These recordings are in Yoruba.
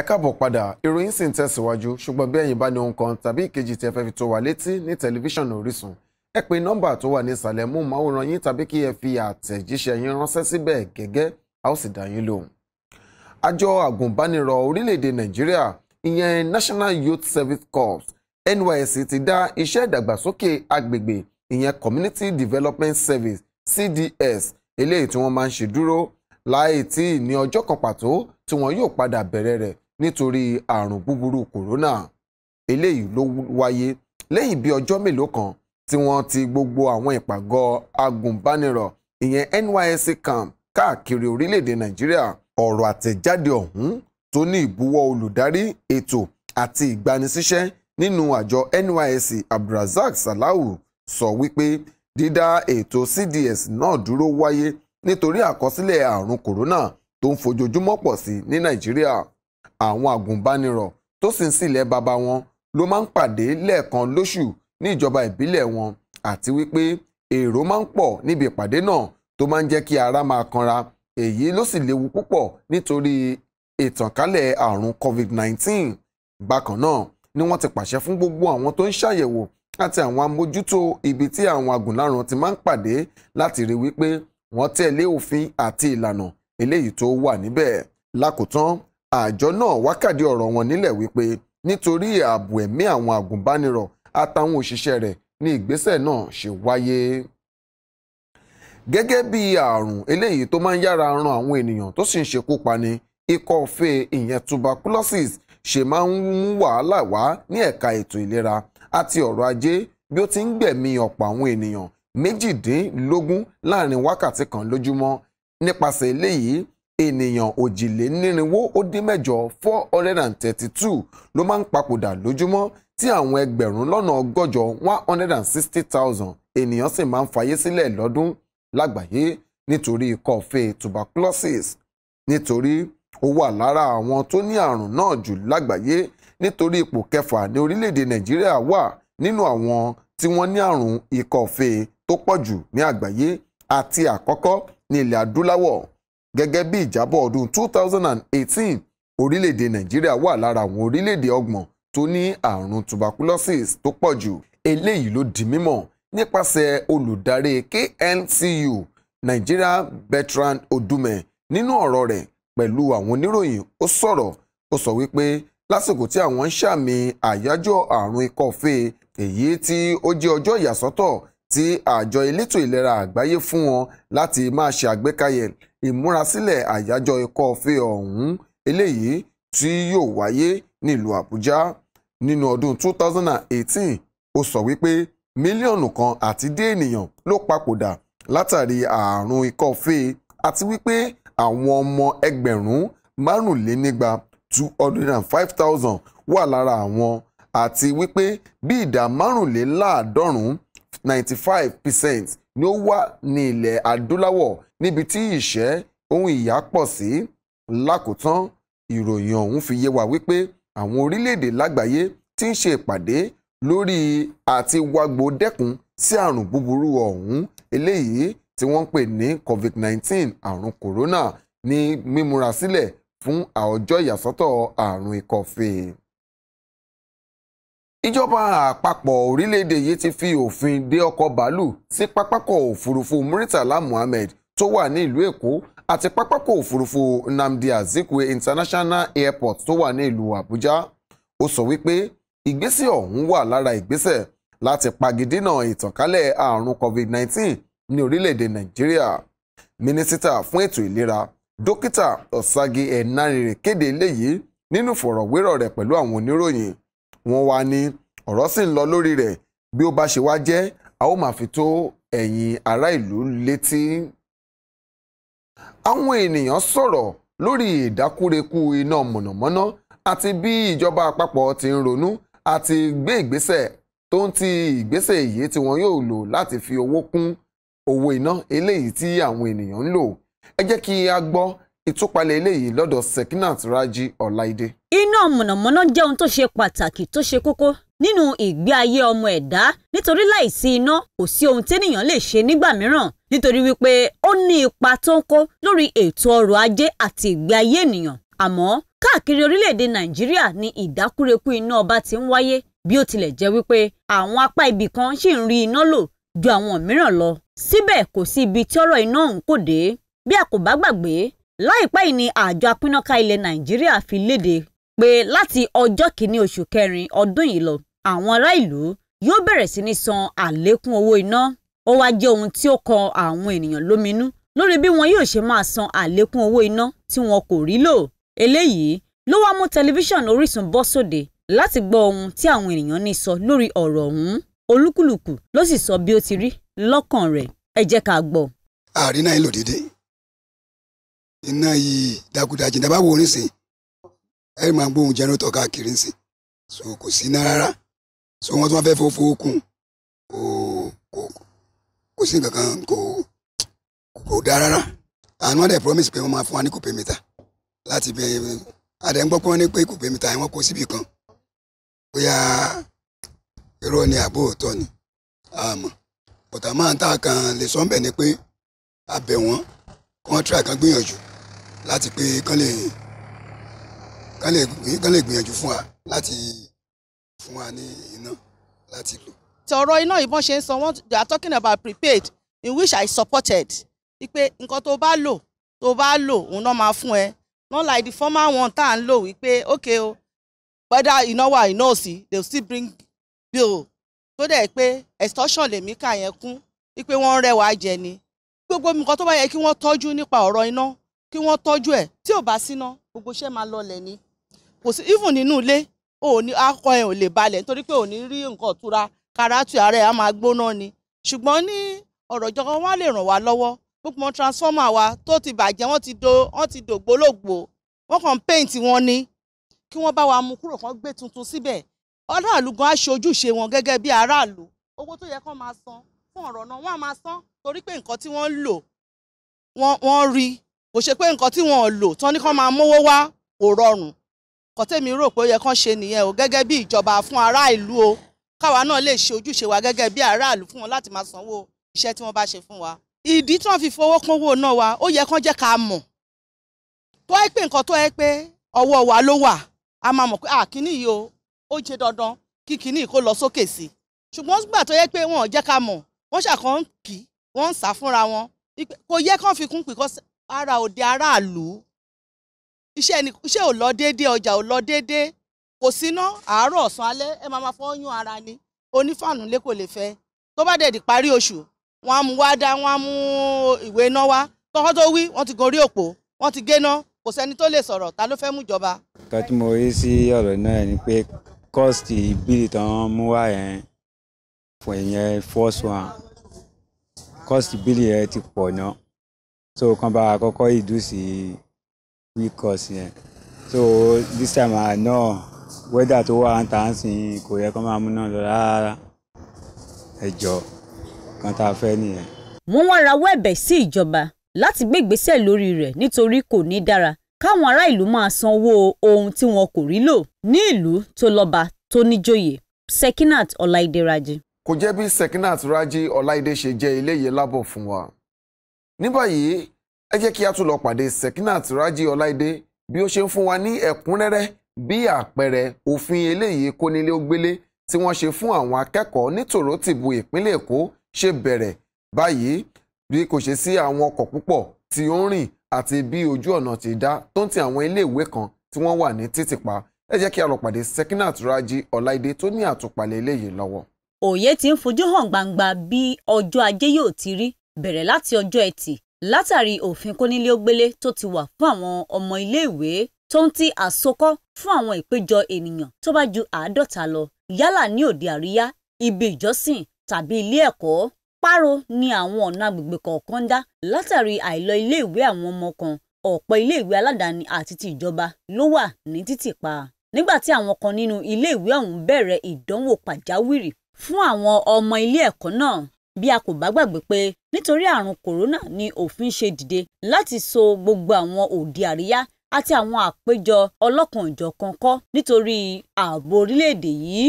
ẹ káàbọ̀ padà ìròyìn sì ń tẹ̀síwájú ṣùgbọ́n bí ẹ̀yin bá ní ohun kan tàbí ìkejì tí ẹ fẹ́ fi tó wa létí ní tẹlifíṣàn Orísun ẹ pè nọ́mbà tó wà ní ìsàlẹ̀ mú màwòrán yín tàbí kí ẹ fi àtẹ̀jíṣẹ́ yín ránṣẹ́ síbẹ̀ gẹ́gẹ́ a ó sì dá yín lóhùn. àjọ àgùnbánirọ̀ orílẹ̀-èdè Nàìjíríà ìyẹn National Youth Service Corps NYSC ti dá iṣẹ́ ìdàgbàsókè agbègbè ìyẹn Community Development Service CDS eléyìí tí wọ́n máa ń ṣe dúró láì tí ní ọjọ́ kan pàtó tí wọ́n yóò padà bẹ̀rẹ̀ rẹ̀ nítorí àrùn búburú kòrónà eléyìí ló wáyé lẹ́yìn bí ọjọ́ mélòó kan tí wọ́n ti gbogbo àwọn ìpàgọ́ agùnbánirọ̀ ìyẹn NYSC camp káàkiri orílẹ̀-èdè Nàìjíríà ọ̀rọ̀ àtẹ̀jáde ọ̀hún tó ní ìbuwọ́ olùdarí ètò àti ìgbanisíṣẹ́ nínú àjọ NYSC Abdulrasaq Salau sọ wípé dídá ètò CDS náà dúró wáyé nítorí àkọsílẹ̀ àrùn kòrónà tó ń fojoojúmọ́ pọ̀ sí ní Nàìjíríà àwọn àgùnbánirọ̀ tó sì ń sílẹ̀ bàbá wọn ló máa ń pàdé lẹ́ẹ̀kan lóṣù ní ìjọba ìbílẹ̀ wọn àti wípé èrò máa ń pọ̀ níbi ìpàdé náà tó máa ń jẹ́ kí ara máa kanra èyí ló sì léwu púpọ̀ nítorí ìtànkálẹ̀ àrùn covid-19 bákan náà ni wọ́n ti pàṣẹ fún gbogbo àwọn tó ń ṣàyẹ̀wò àti àwọn amójútó ibi tí àwọn agùnláràn ti máa ń pàdé láti rí wípé wọ́n tẹ̀lé òfin àti ìlànà eléyìí tó wà níbẹ̀ lákòótán àjọ náà wákàdí ọ̀rọ̀ wọn nílẹ̀ wípé nítorí ààbò ẹ̀mí àwọn àgùnbánirọ̀ àtàwọn òṣìṣẹ́ rẹ̀ ní ìgbésẹ̀ náà ṣe wáyé gẹ́gẹ́ bí àrùn eléyìí tó máa ń yára ran àwọn ènìyàn tó sì ń ṣekú pani ikọ́ fèé ìyẹn tuberculosis ṣe máa ń mú wàhálà wá ní ẹ̀ka ètò ìlera àti ọ̀rọ̀ ajé bí ó ti ń gbẹ̀mí ọ̀pọ̀ àwọn ènìyàn méjìdínlógún láàrin wákàtí kan lójúmọ́ nípasẹ̀ eléyìí ènìyàn òjìlénírínwó ó dín mẹ́jọ four hundred and thirty two ló máa ń papòdà lójúmọ́ tí àwọn ẹgbẹ̀rún lọ́nà ọgọ́jọ one hundred and sixty thousand ènìyàn sì máa ń fayé sílẹ̀ lọ́dún lágbàáyé nítorí kọfẹ́ tuberculosis nítorí ó wà lára àwọn tó ní àrùn náà jù lágbàáyé nítorí ipò kẹfà ní orílẹ̀-èdè nàìjíríà wà nínú àwọn tí wọ́n ní àrùn ikọ̀fẹ́ tó pọ̀ jù ní àgbáyé àti àkọ́kọ́ ní ilẹ̀ adúláwọ̀ gẹ́gẹ́ bí ìjábọ̀ ọdún 2018 orílẹ̀-èdè nàìjíríà wà lára àwọn orílẹ̀-èdè ọgbọ̀n tó ní àrùn tuberculosis tó pọ̀ jù eléyìí ló di mímọ̀ nípasẹ̀ olùdarí KNCU Nigeria Bertrand Odume nínú ọ̀rọ̀ rẹ̀ pẹ̀lú àwọn oníròyìn ó sọ̀rọ̀ ó sọ wípé lásìkò tí àwọn ń ṣàmì àyájọ́ àrùn ikọ́ fèé èyí tí ó jẹ́ ọjọ́ ìyàsọ́tọ̀ tí àjọ elétò ìlera àgbáyé fún wọn láti máa ṣe àgbékalẹ̀ ìmúrasílẹ̀ àyájọ́ ikọ́ ọ̀fẹ́ ọ̀hún eléyìí tí yóò wáyé nílùú Àbújá nínú ọdún 2018 ó sọ wípé mílíọ̀nù kan àti dé ènìyàn ló papòdà látàrí ààrùn ikọ́ ọ̀fẹ́ àti wípé àwọn ọmọ ẹgbẹ̀rún márùnlénígba two hundred and five thousand wà lára àwọn àti wípé bí ìdá márùnléláàádọ́rùn-ún ninety five percent ni ó wà ní ilẹ̀ adúláwọ̀ níbi tí ìṣẹ́ ohun ìyà pọ̀ sí lákòótán ìròyìn ọ̀hún fi yé wa wípé àwọn orílẹ̀-èdè lágbàáyé ti ń ṣe ìpàdé lórí àti wagbo dẹ́kun sí àrùn búburú ọ̀hún eléyìí tí wọ́n ń pè ní covid-19 àrùn corona ní mímúra sílẹ̀ fún àọjọ́ ìyàsọ́tọ̀ àrùn ikọ́ ìjọba àpapọ̀ orílẹ̀-èdè yìí ti fi òfin dé ọkọ̀ bàálù sí pápákọ̀ òfurufú Muritala Muhammed tó wà ní ìlú Èkó àti pápákọ̀ òfurufú Nnamdi Azikiwe International Airport tó wà ní ìlú Àbújá ó sọ wípé ìgbésẹ̀ ọ̀hún wà lára ìgbésẹ̀ láti pagidínà ìtànkálẹ̀ àrùn COVID-19 ní orílẹ̀-èdè Nàìjíríà mínísítà fún ètò ìlera dókítà Ọ̀sàgì Ẹ̀nárìrè kéde eléyìí nínú ìfọ̀rọ̀wérọ̀ rẹ̀ pẹ̀lú àwọn oníròyìn wọ́n wá ní ọ̀rọ̀ sì ń lọ lórí rẹ̀ bí ó bá ṣe wá jẹ́ a ó máa fi tó ẹ̀yin ará ìlú létí. àwọn ènìyàn sọ̀rọ̀ lórí ìdákúrekú iná mọ̀nàmọ́ná àti bí ìjọba àpapọ̀ ti ń ronú àti gbé ìgbésẹ̀ tó ń ti ìgbésẹ̀ èyí tí wọn yóò lò láti fi owó kún owó iná eléyìí tí àwọn ènìyàn ń lò ẹ jẹ́ kí a gbọ́ ìtúpalẹ̀ eléyìí lọ́dọ̀ Sekinat Raji Ọláìdé. iná mọ̀nàmọ́ná jẹ́ ohun tó ṣe pàtàkì tó ṣe kókó nínú ìgbé ayé ọmọ ẹ̀dá nítorí láìsí iná kò sí ohun tẹ́nìyàn lè ṣe nígbà mìíràn nítorí wípé ó ní ipa tó ń kó lórí ètò ọrọ̀ ajé àti ìgbé ayé ènìyàn àmọ́ káàkiri orílẹ̀-èdè Nàìjíríà ni ìdákúrekú iná ọba ti ń wáyé bí ó tilẹ̀ jẹ́ wípé àwọn apá ibì kan ṣì ń rí iná lò ju àwọn mìíràn lọ síbẹ̀ kò sí ibi tí ọ̀rọ̀ iná ọ̀hún kò dé bí a kò bá gbàgbé láìpẹ́ yìí ni àjọ apínnáká ilẹ̀ nàìjíríà fi léde pé láti ọjọ́ kìíní oṣù kẹrin ọdún yìí lọ àwọn ará ìlú yóò bẹ̀rẹ̀ sí ní san àlékún owó iná ó wá jẹ́ ohun tí ó kan àwọn ènìyàn lóminú lórí bí wọn yóò ṣe máa san àlékún owó iná tí wọn kò rí lò eléyìí ló wá mú tẹlifíṣàn Orísun bọ́ sóde láti gbọ́ ohun tí àwọn ènìyàn ní sọ lórí ọ̀rọ̀ ọ̀hún olúkúlùkù ló sì sọ bí ó ti rí lọ́kàn rẹ̀ ẹ jẹ́ ká gbọ́. àrí náà ń iná yìí dákúdájì dábà wo nísìn ẹ máa gbóhùn jẹnrétọ̀ káàkiri nísìn so kò sí iná rárá so wọn tún wá fẹ́ fowófó kùn kò kò kò sí nǹkan kan kò kò dá rárá àwọn ọdẹ promise pé wọn máa fún wa ní kùpé mítà láti bẹ àdẹ ń gbọ́ pé wọn ní pé kùpé mítà wọn kó síbì kan bóyá irọ́ ni àbó òótọ́ ni àmọ́ bọ̀tà máa ń tà kan lè sọ́ńbẹ̀ ni pé abẹ̀ wọ́n kọ́ńtírà kan gbìyànjú láti pé kán lè kán lè gbìyànjú fún wa láti fún wa ní iná láti lò. tọ̀rọ̀ iná ìbọn ṣe ń san wọn they are talking about prepared, in which I supported wípé nǹkan tó bá lò tó bá lò òun náà máa fún ẹ not like the former one tá à ń lò wípé okay o whether iná wà iná ò sí they still bring bill tó dẹ̀ pé extortion lèmi kà yẹn kún wípé wọ́n ń rẹ́ wa jẹ ni gbogbo nǹkan tó bá yẹ kí wọ́n tọ́jú nípa ọ̀rọ̀ iná kí wọ́n tọ́jú ẹ̀ tí ò bá síná gbogbo iṣẹ́ máa lọlẹ̀ ni kò sí even nínú ilé òní akọ ẹ̀ ò lè balẹ̀ nítorí pé òní rí nǹkan ìtura karatu ara ẹ̀ á máa gbóná ni ṣùgbọ́n ní ọ̀rọ̀ ìjọba wọn lè ràn wá lọ́wọ́ gbogbo wọn transformer wa tó ti bàjẹ́ wọ́n ti do wọ́n ti dògbólógbò wọ́n kàn paint wọn ni kí wọ́n bá wa mú kúrò kan gbé tuntun síbẹ̀ aráàlú gan aṣojúṣe wọn gẹ́gẹ́ bí aráàlú owó tó yẹ kán máa san fún ọ̀rọ̀ náà wọ́n á máa san torí pé nǹkan tí wọ́n ń lò wọ́n rí kò ṣe pé nǹkan tí wọn ò lò tán ní kán máa mówó wá kò rọrùn kò tèmi rò pé ó yẹ kán ṣe nìyẹn o gẹ́gẹ́ bí ìjọba fún ará ìlú o káwa náà lè ṣe ojúṣe wa gẹ́gẹ́ bí aráàlú fún wọn láti máa sanwó iṣẹ́ tí wọ́n bá ṣe fún wa ìdí tí wọ́n fi fowó kúnwó náà wa ó yẹ kán jẹ́ ká mọ̀ tó ẹ pé nǹkan tó ẹ pé ọwọ́ wa ló wà a máa mọ̀ pé à kíní yìí o ó ṣe dandan kí kíní kó lọ sókè sí ṣùgbọ́n ara òde aráàlú iṣẹ́ ni iṣẹ́ ò lọ déédé ọjà ò lọ déédé kò síná àárọ̀ ọ̀sán alẹ́ ẹ máa ma fọ́ yún ara ni onífàànù lé kò lè fẹ́ tó bá dẹ̀ di parí oṣù wọ́n á mú wá dá wọ́n á mú ìwé iná wá tọ́kọ́ tó wí wọ́n ti gorí òpó wọ́n ti géná kò sẹ́ni tó lè sọ̀rọ̀ ta ló fẹ́ mú ìjọba. nǹkan mo rí sí ọ̀rọ̀ náà ni pé kọ́ọ̀sì bíi tán mú wá yẹn fún ìyẹn first one kọ́ọ̀sì bíi yẹn ti pọ̀ náà so kan bá kọ́kọ́ ìdúsí week course yẹn so this time I know weather to wà ń tà ń sìn kò yẹ kó máa múná lọ rárá ẹjọ́ kan tá a fẹ́ nìyẹn. wọ́n wá rawọ́ ẹ̀bẹ̀ sí ìjọba láti gbé ìgbésẹ̀ lórí rẹ̀ nítorí kò ní dára káwọn ará ìlú máa sanwó ohun tí wọn kò rí lò ní ìlú tó lọ́ba tó níjòyè Sekinat Ọláìdé Rájí. kò jẹ́ bí Sekinat Rájí Ọláìdé ṣe jẹ́ eléyìí lábọ̀ fún wa ní báyìí ẹ jẹ́ kí a tún lọ pàdé Sekinat Raji Ọláìdé bí ó ṣe ń fún wa ní ẹ̀kúnrẹ́rẹ́ bí àpẹẹrẹ òfin eléyìí kónílé ó gbélé tí wọ́n ṣe fún àwọn akẹ́kọ̀ọ́ ní tòrótìbù ìpínlẹ̀ Èkó ṣe bẹ̀rẹ̀ báyìí bí kò ṣe sí àwọn ọkọ̀ púpọ̀ tí ó ń rìn àti bí ojú ọ̀nà ti dá tó ń ti àwọn iléèwé kan tí wọ́n wà ní títìpa ẹ jẹ́ kí a lọ pàdé Sekinat Raji Ọláìdé tó ní àtúpalẹ̀ eléyìí lọ́wọ́. òye ti ń fojú hàn gbangba bí ọjọ́ ajé yóò ti rí bẹ̀rẹ̀ láti ọjọ́ Ẹtì látàrí òfin kónílé-ó-gbélé tó ti wà fún àwọn ọmọ iléèwé tó ń ti àsokọ́ fún àwọn ìpéjọ ènìyàn tó bá ju àádọ́ta lọ yálà ní òde àríyá ibi ìjọsìn tàbí ilé ẹ̀kọ́ páro ni àwọn ọ̀nà agbègbè kọ̀ọ̀kan dá látàrí àìlọ iléèwé àwọn ọmọ kan ọ̀pọ̀ iléèwé aládàáni àti ti ìjọba ló wà ní títì pa nígbà tí àwọn kan nínú iléèwé ọ̀hún bẹ̀rẹ̀ ìdánwò pàjáwìrì fún àwọn ọmọ ilé ẹ̀kọ́ náà bí a kò bá gbàgbé pé nítorí àrùn kòrónà ni òfin ṣe dìde láti so gbogbo àwọn òde àríyá àti àwọn àpéjọ ọlọ́kan-ò-jọ̀kan kọ́ nítorí ààbò orílẹ̀-èdè yìí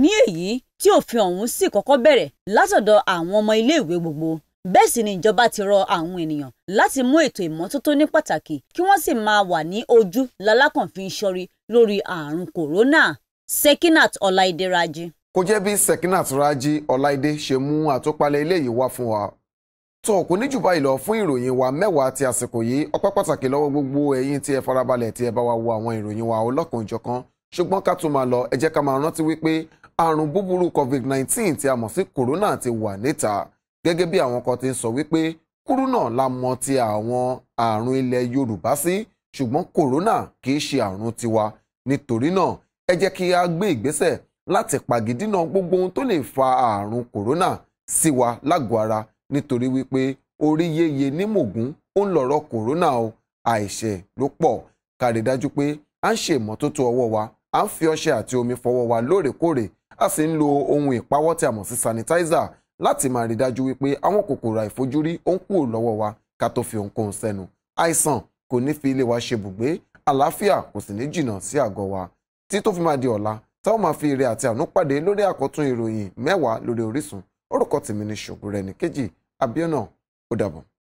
ní èyí tí òfin ọ̀hún sì kọ́kọ́ bẹ̀rẹ̀ látọ̀dọ̀ àwọn ọmọ iléèwé gbogbo bẹ́ẹ̀ sì ni ìjọba ti rọ àwọn ènìyàn láti mú ètò ìmọ́tótó ní pàtàkì kí wọ́n sì máa wà ní ojú lalákànfin ṣọ́rí lórí àrùn kòrónà Sekinat Ọláìdéraji kò jẹ́ bí Sekinat Raji Ọláìdé ṣe mú àtúpalẹ̀ eléyìí wá fún wa tó kò ní jù báyìí lọ fún ìròyìn wa mẹ́wàá ti àsìkò yìí ọpẹ́ pàtàkì lọ́wọ́ gbogbo ẹ̀yin tí ẹ farabalẹ̀ tí ẹ bá wa wo àwọn ìròyìn wa ọlọ́kan ṣùgbọ́n ká tó máa lọ ẹ jẹ́ ká máa rántí wípé àrùn búburú covid-19 tí a mọ̀ sí corona ti wà níta gẹ́gẹ́ bí àwọn kan ti ń sọ wípé kúrúnà la mọ̀ ti àwọn àrùn ilẹ̀ yorùbá sí ṣùgbọ́n corona kì í ṣe àrùn tiwa nítorí náà ẹ jẹ́ kí a gbé ìgbésẹ̀ láti pàgídínà gbogbo ohun tó lè fa ààrùn kòrónà sí wa lágọ̀ọ́ ara nítorí wípé orí yéye ní mògún ó ń lọ̀rọ̀ kòrónà o àìṣẹ̀ ló pọ̀ kárí dájú pé à ń ṣe ìmọ́tótó ọwọ́ wa à ń fi ọṣẹ àti omi fọwọ́ wa lóòrèkóòrè a sì ń lo ohun ìpawọ́ tí a mọ̀ sí sanitizer láti máa rí dájú wípé àwọn kòkòrò àìfojúrí ó ń kúrò lọ́wọ́ wa ká tó fi ohunkóhun sẹ́nu àìsàn kò ní fi ilé wa ṣe bùgbé àlàáfíà kò sì ní jìnnà sí àgọ́ wa tí fi máa di ọ̀la tá ó máa fi ire àti àánú pàdé lórí àkọ́tún ìròyìn mẹ́wàá lórí Orísun orúkọ tèmi ni ṣògo rẹ̀ ní kejì abiona ó